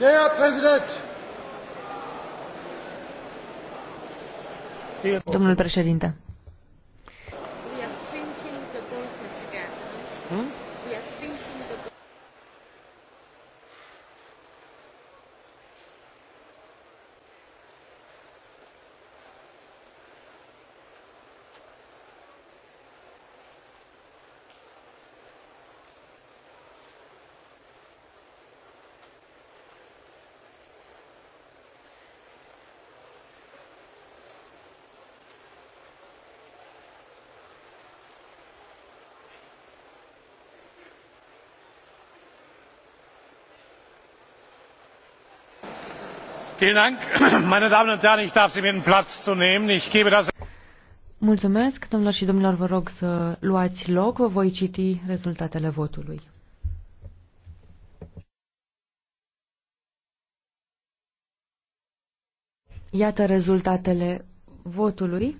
Der Präsident! Domnul președinte. Mulțumesc, domnilor și domnilor, vă rog să luați loc, vă voi citi rezultatele votului. Iată rezultatele votului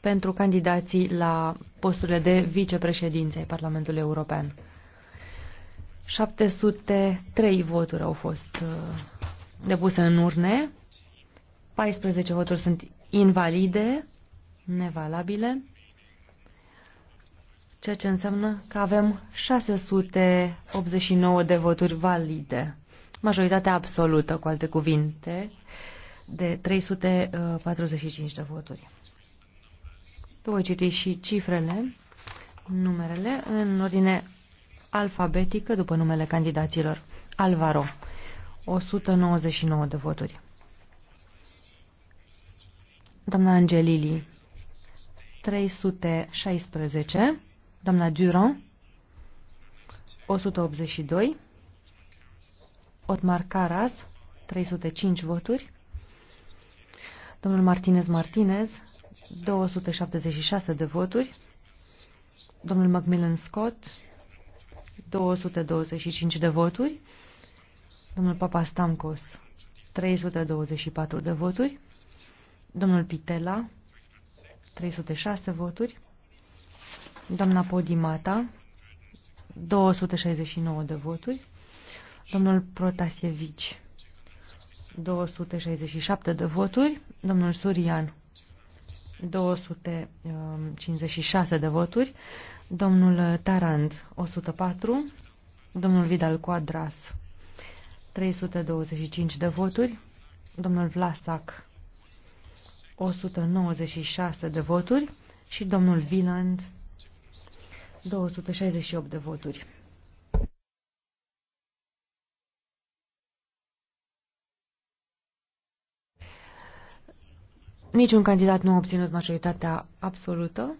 pentru candidații la posturile de vicepreședinte ai Parlamentului European. 703 voturi au fost uh, depuse în urne, 14 voturi sunt invalide, nevalabile, ceea ce înseamnă că avem 689 de voturi valide, majoritatea absolută, cu alte cuvinte, de 345 de voturi. Voi citi și cifrele, numerele, în ordine alfabetică după numele candidaților. Alvaro 199 de voturi. Doamna Angelili, 316. Doamna Durand, 182. Otmar Caras, 305 voturi. Domnul Martinez Martinez, 276 de voturi. Domnul Macmillan Scott, 225 de voturi. Domnul Papa Stamkos, 324 de voturi. Domnul Pitela, 306 voturi. Doamna Podimata, 269 de voturi. Domnul Protasievici, 267 de voturi. Domnul Surian, 256 de voturi. Domnul Tarand, 104. Domnul Vidal Quadras, 325 de voturi, domnul Vlasac 196 de voturi și domnul Viland 268 de voturi. Niciun candidat nu a obținut majoritatea absolută,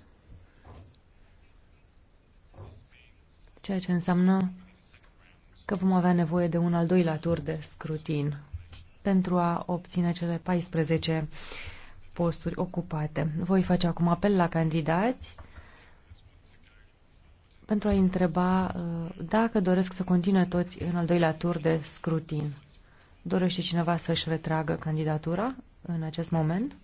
ceea ce înseamnă că vom avea nevoie de un al doilea tur de scrutin pentru a obține cele 14 posturi ocupate. Voi face acum apel la candidați pentru a întreba uh, dacă doresc să continue toți în al doilea tur de scrutin. Dorește cineva să-și retragă candidatura în acest moment?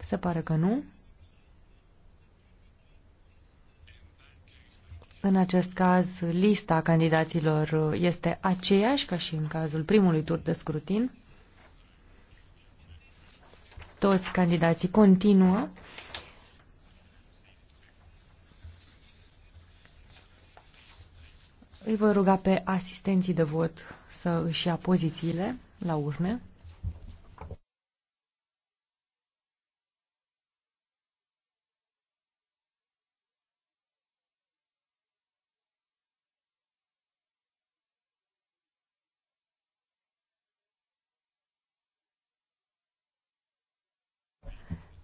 Se pare că nu. În acest caz, lista candidaților este aceeași ca și în cazul primului tur de scrutin. Toți candidații continuă. Îi voi ruga pe asistenții de vot să își ia pozițiile la urne.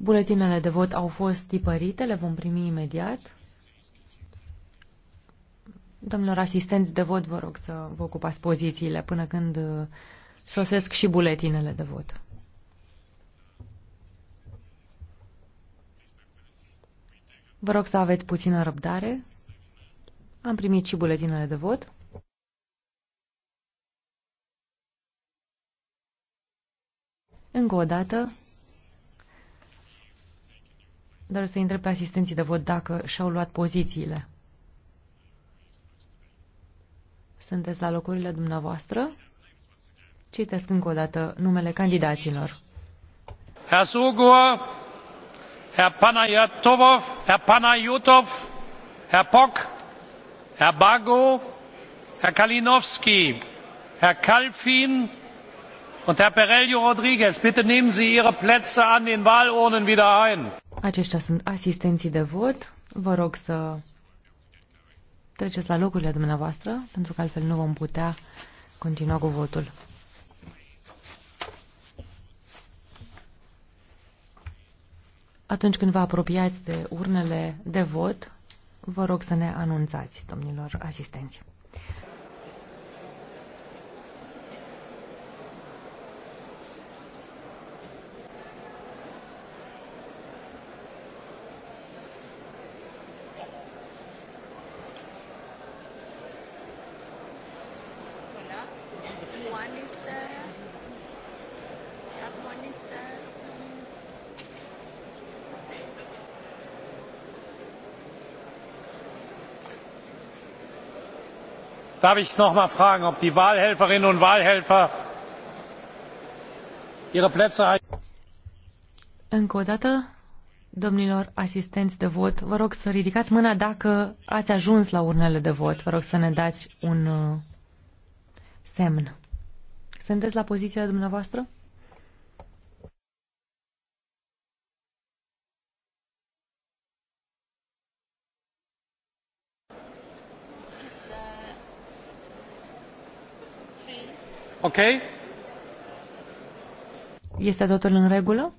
Buletinele de vot au fost tipărite, le vom primi imediat. Domnilor asistenți de vot, vă rog să vă ocupați pozițiile până când uh, sosesc și buletinele de vot. Vă rog să aveți puțină răbdare. Am primit și buletinele de vot. Încă o dată, dar să întreb pe asistenții de vot dacă și-au luat pozițiile. Sunteți la locurile dumneavoastră? Citesc încă o dată numele candidaților. Herr Sugur, Herr Panayotov, Herr Panayotov, Herr Pock, Herr Bago, Herr Kalinowski, Herr Kalfin und Herr Perelio Rodriguez. Bitte nehmen Sie Ihre Plätze an den Wahlurnen wieder ein. Aceștia sunt asistenții de vot. Vă rog să treceți la locurile dumneavoastră, pentru că altfel nu vom putea continua cu votul. Atunci când vă apropiați de urnele de vot, vă rog să ne anunțați, domnilor asistenți. darf ich noch einmal fragen ob die wahlhelferinnen und wahlhelfer ihre plätze einnehmen? domnilor asistenți de vot, să ridicați mâna dacă ați ajuns la urnele de vot. să ne un uh, semn. Sunteți la poziția dumneavoastră? Ok? Este totul în regulă?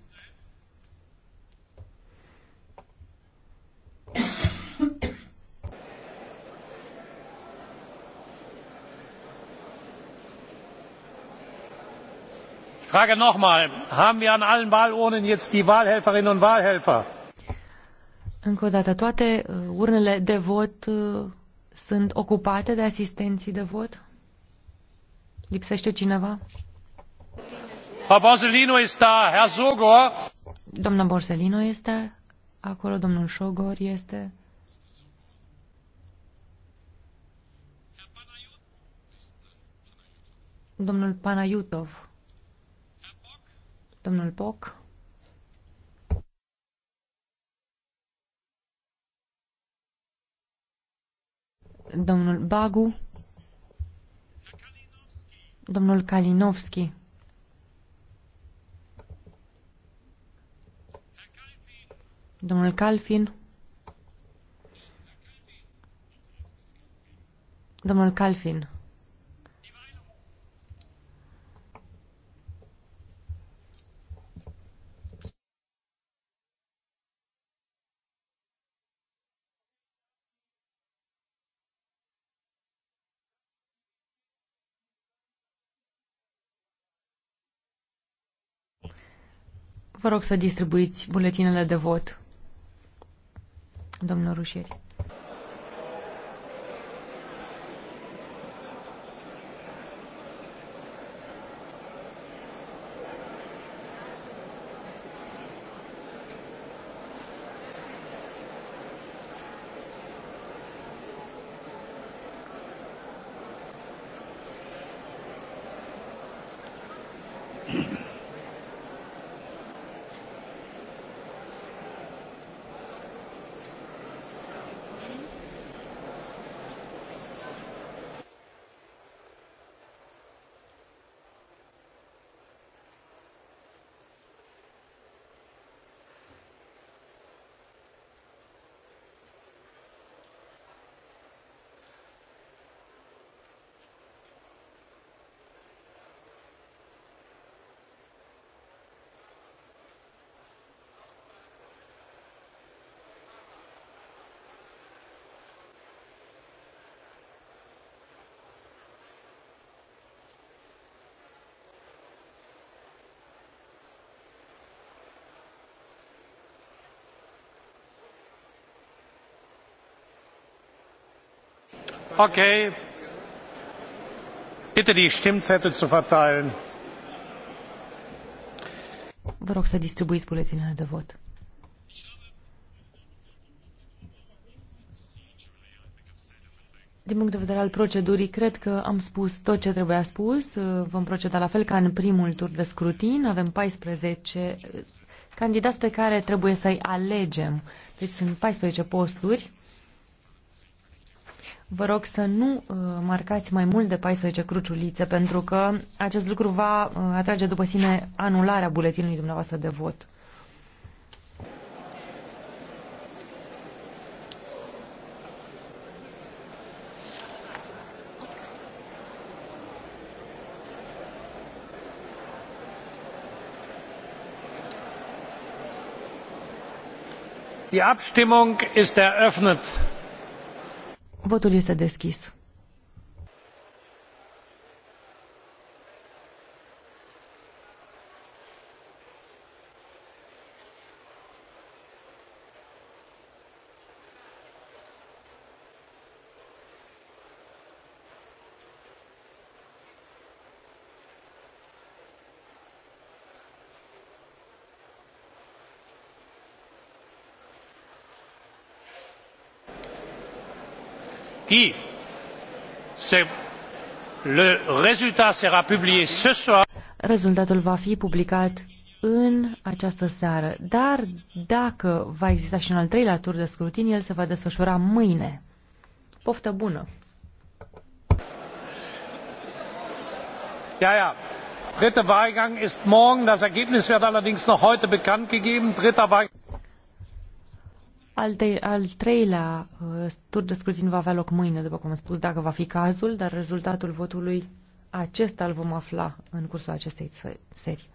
frage nochmal haben wir an allen wahlurnen jetzt die wahlhelferinnen und wahlhelfer? Încă o dată, toate uh, urnele de vot uh, sunt ocupate de asistenții de vot? Lipsește cineva? Frau Borsellino este da. Herr Sogor. Doamna Borsellino este acolo, domnul Sogor este. Domnul Panayutov. Domnul Poc. Domnul Bagu. Domnul Kalinowski. Domnul Calfin. Domnul Calfin. Domnul Calfin. Vă rog să distribuiți buletinele de vot. Domnul Rușieri. Okay. Bitte die Stimmzettel zu verteilen. Vă rog să distribuiți buletinele de vot. Din punct de vedere al procedurii, cred că am spus tot ce trebuia spus. Vom proceda la fel ca în primul tur de scrutin. Avem 14 candidați pe care trebuie să-i alegem. Deci sunt 14 posturi Vă rog să nu uh, marcați mai mult de 14 cruciulițe, pentru că acest lucru va uh, atrage după sine anularea buletinului dumneavoastră de vot. Die Abstimmung ist eröffnet. Votul este deschis. qui le résultat sera publié ce soir. Rezultatul va fi publicat în această seară, dar dacă va exista și un al treilea tur de scrutin, el se va desfășura mâine. Poftă bună! Ja, ja. Dritter Wahlgang ist morgen. Das Ergebnis wird allerdings noch heute bekannt gegeben. Dritter Wahlgang. Al, de, al treilea uh, tur de scrutin va avea loc mâine, după cum am spus, dacă va fi cazul, dar rezultatul votului acesta îl vom afla în cursul acestei serii.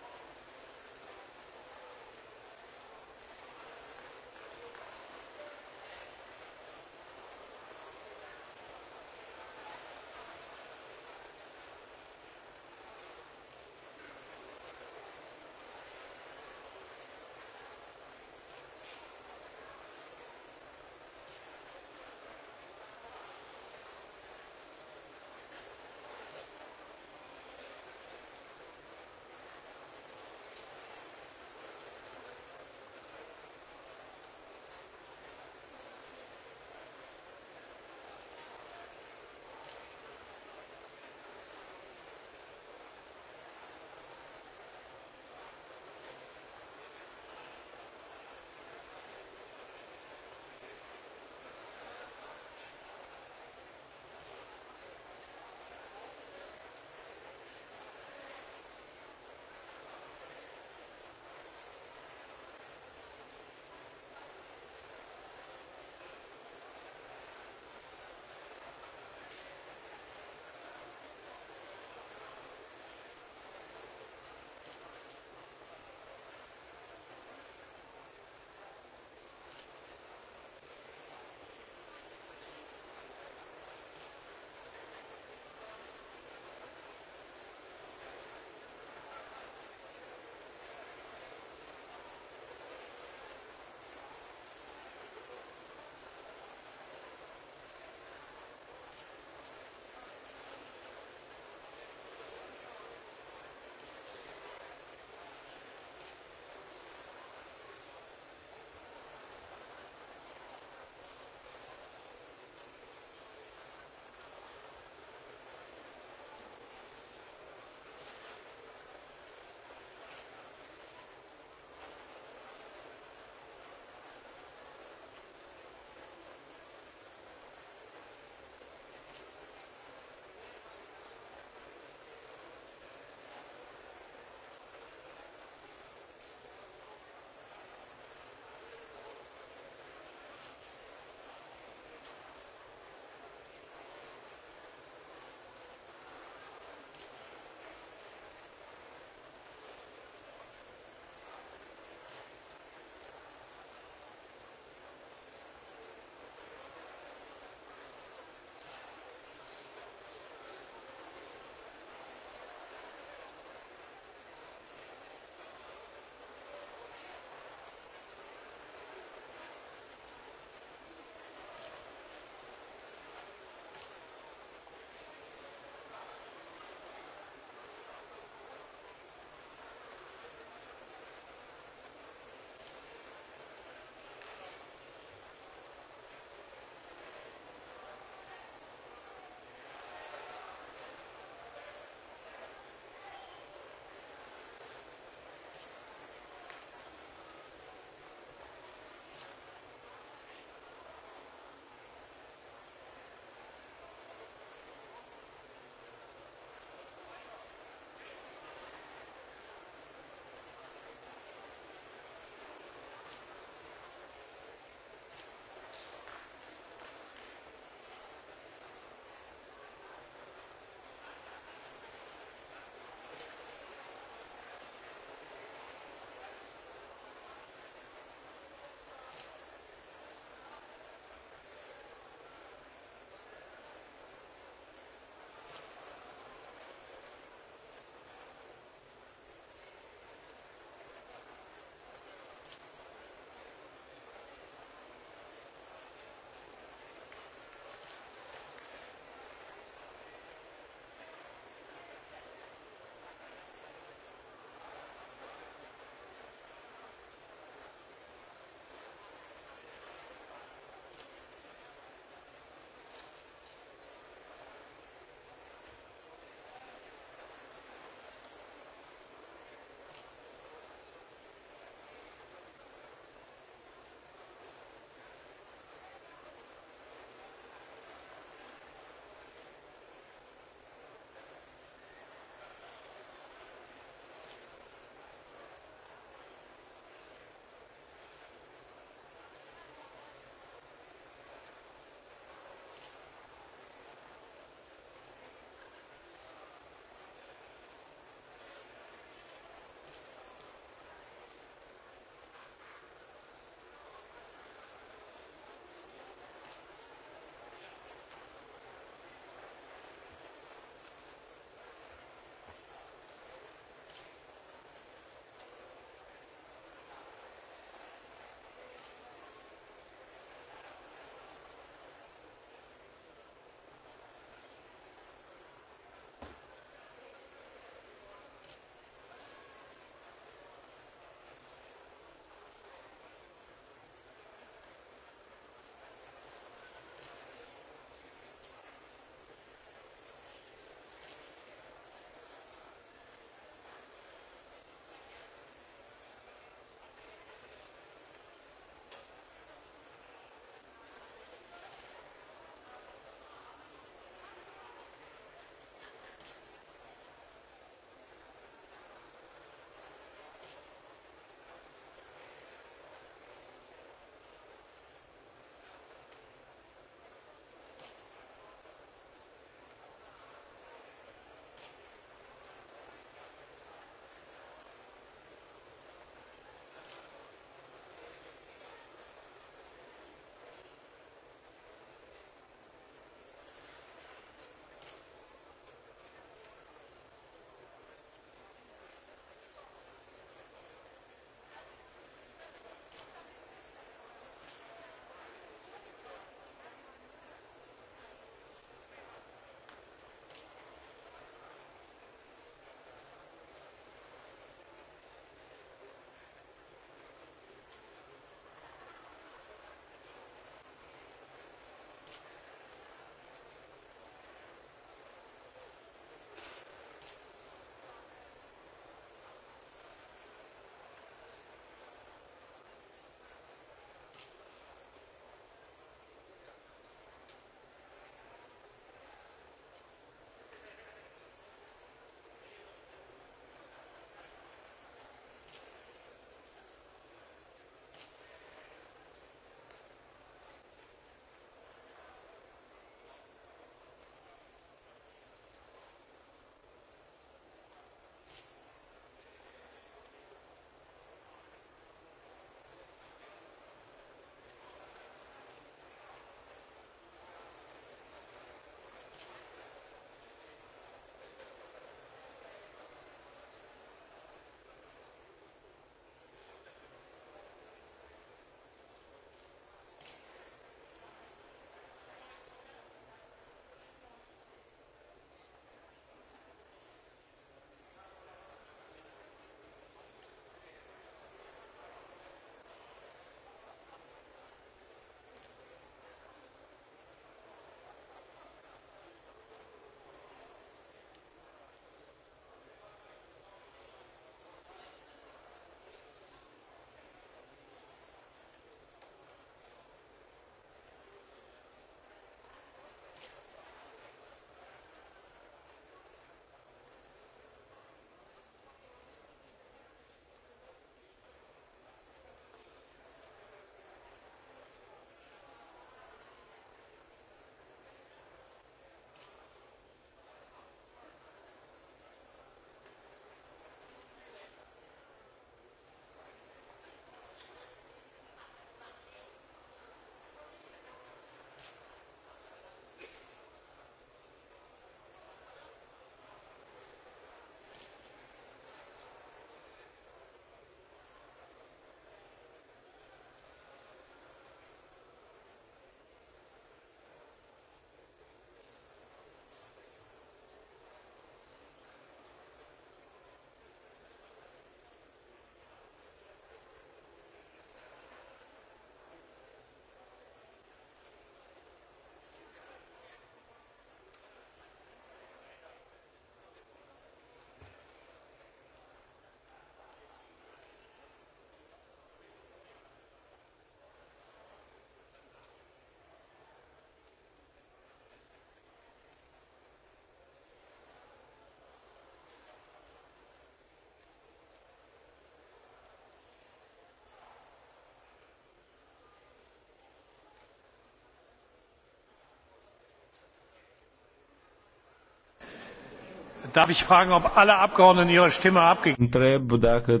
Darf ich fragen, ob alle Abgeordneten ihre Stimme abgegeben Întreb dacă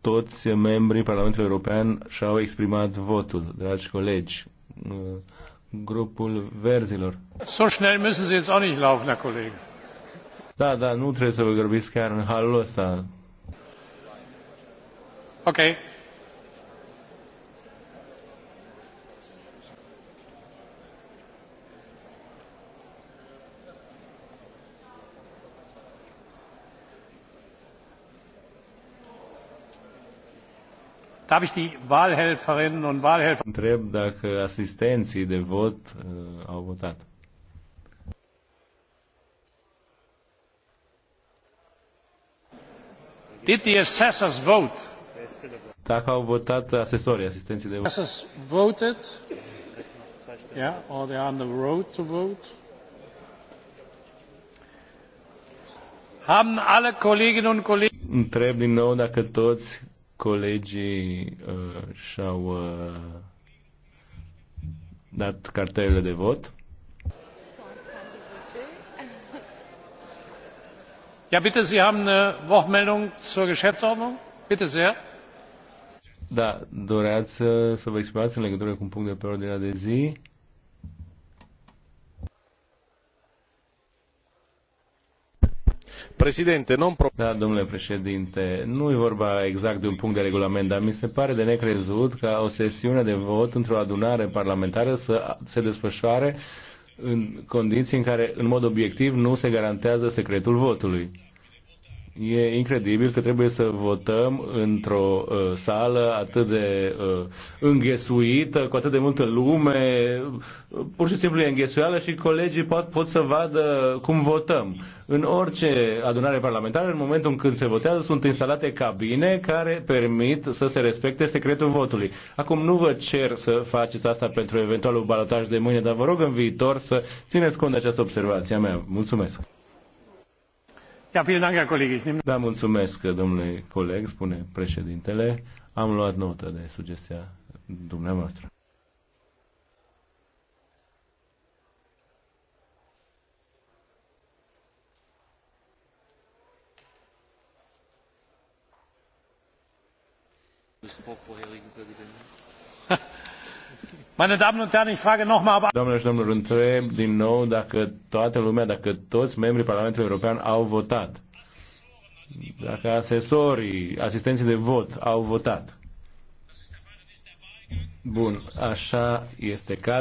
toți membrii Parlamentului European și-au exprimat votul, dragi colegi, uh, grupul verzilor. So schnell müssen Sie jetzt auch nicht laufen, Herr Kollege. Da, da, nu trebuie să vă grăbiți chiar în halul ăsta. Okay. darf ich die Wahlhelferinnen und Wahlhelfer întreb dacă asistenții de vot uh, au votat. Did the assessors vote? Dacă au votat asesorii, asistenții de vot. Assessors voted? Yeah, or they are on the road to vote? Haben alle Kolleginnen und Kollegen Întreb din nou dacă toți colegii uh, și-au uh, dat cartelele de vot. Ja, bitte, Sie haben eine Wortmeldung zur Geschäftsordnung? Bitte sehr. Da, doreați să vă exprimați în legătură cu un punct de pe ordinea de zi? Președinte, non pro... Da, domnule președinte, nu e vorba exact de un punct de regulament, dar mi se pare de necrezut ca o sesiune de vot într-o adunare parlamentară să se desfășoare în condiții în care, în mod obiectiv, nu se garantează secretul votului. E incredibil că trebuie să votăm într-o uh, sală atât de uh, înghesuită, cu atât de multă lume. Pur și simplu e înghesuială și colegii pot, pot să vadă cum votăm. În orice adunare parlamentară, în momentul în când se votează, sunt instalate cabine care permit să se respecte secretul votului. Acum nu vă cer să faceți asta pentru eventualul balotaj de mâine, dar vă rog în viitor să țineți cont de această observație a mea. Mulțumesc! Da, mulțumesc, domnule coleg, spune președintele. Am luat notă de sugestia dumneavoastră. Ha! Meine Damen und Herren, ich frage Domnule și domnilor, întreb din nou dacă toată lumea, dacă toți membrii Parlamentului European au votat. Dacă asesorii, asistenții de vot au votat. Bun, așa este cazul.